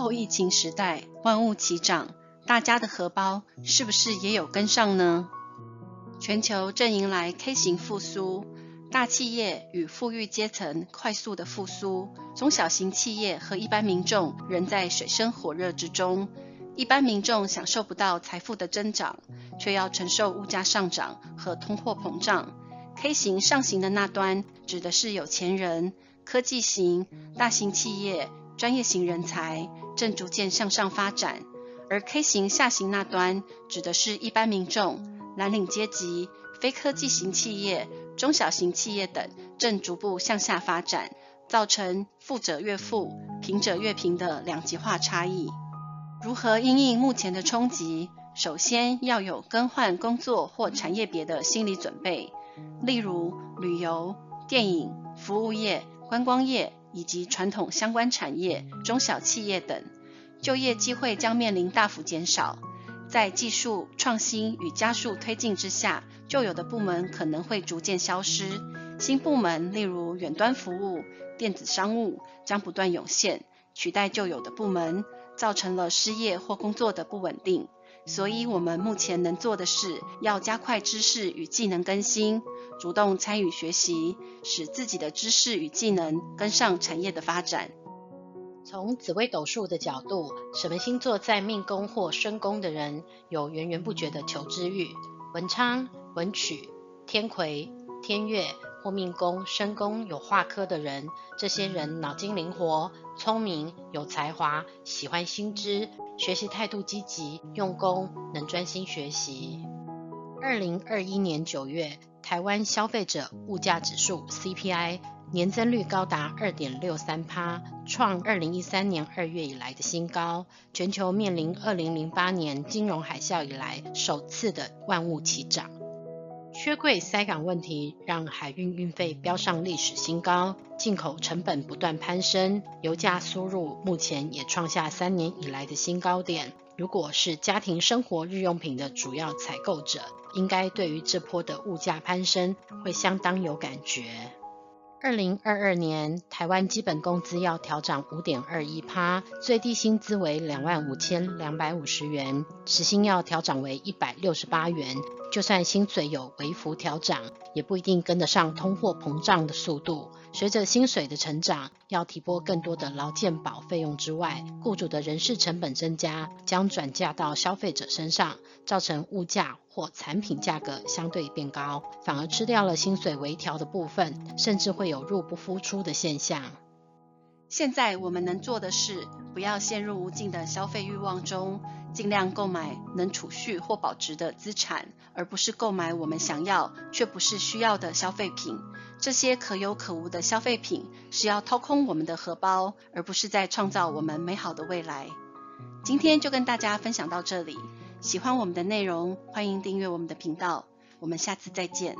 後疫情時代，萬物齊漲，大家的荷包是不是也有跟上呢？全球正迎來 K 型復甦，大企業與富裕階層快速的復甦，中小型企業和一般民眾仍在水深火熱之中。一般民眾享受不到財富的增長，卻要承受物價上漲和通貨膨脹。K 型上行的那端指的是有錢人、科技型、大型企業。專業型人才正逐漸向上發展，而 K 型下行那端，指的是一般民眾、藍領階級、非科技型企業、中小型企業等正逐步向下發展，造成富者越富、貧者越貧的兩極化差異。如何因應目前的衝擊？首先要有更換工作或產業別的心理準備，例如旅遊、電影、服務業、觀光業。以及傳統相關產業、中小企業等就業機會將面臨大幅減少。在技術創新與加速推進之下，舊有的部門可能會逐漸消失，新部門例如遠端服務、電子商務將不斷湧現，取代舊有的部門，造成了失業或工作的不穩定。所以，我們目前能做的是要加快知識與技能更新，主動參與學習，使自己的知識與技能跟上產業的發展。從紫微斗數的角度，什麼星座在命宮或身宮的人有源源不絕的求知慾？文昌、文曲、天魁、天月。或命宮、身宮有化科的人，這些人腦筋靈活、聰明、有才華，喜歡新知，學習態度積極、用功，能專心學習。二零二一年九月，台灣消費者物價指數 （CPI） 年增率高達二點六三趴，創二零一三年二月以來的新高，全球面臨二零零八年金融海嘯以來首次的萬物齊漲。缺櫃塞港問題讓海運運費飆上歷史新高，進口成本不斷攀升，油價輸入目前也創下三年以來的新高點。如果是家庭生活日用品的主要採購者，應該對於這波的物價攀升會相當有感覺。二零二二年，台灣基本工資要調漲五點二一趴，最低薪資為兩萬五千兩百五十元，時薪要調漲為一百六十八元。就算薪水有微幅調整，也不一定跟得上通貨膨脹的速度。隨着薪水的成長，要提撥更多的勞健保費用之外，雇主的人事成本增加，將轉嫁到消費者身上，造成物價或產品價格相對變高，反而吃掉了薪水微調的部分，甚至會有入不敷出的現象。現在我們能做的是，不要陷入無盡的消費慾望中，盡量購買能儲蓄或保值的資產，而不是購買我們想要卻不是需要的消費品。這些可有可無的消費品是要掏空我們的荷包，而不是在創造我們美好的未來。今天就跟大家分享到這裡，喜歡我們的內容，歡迎訂閱我們的頻道，我們下次再見。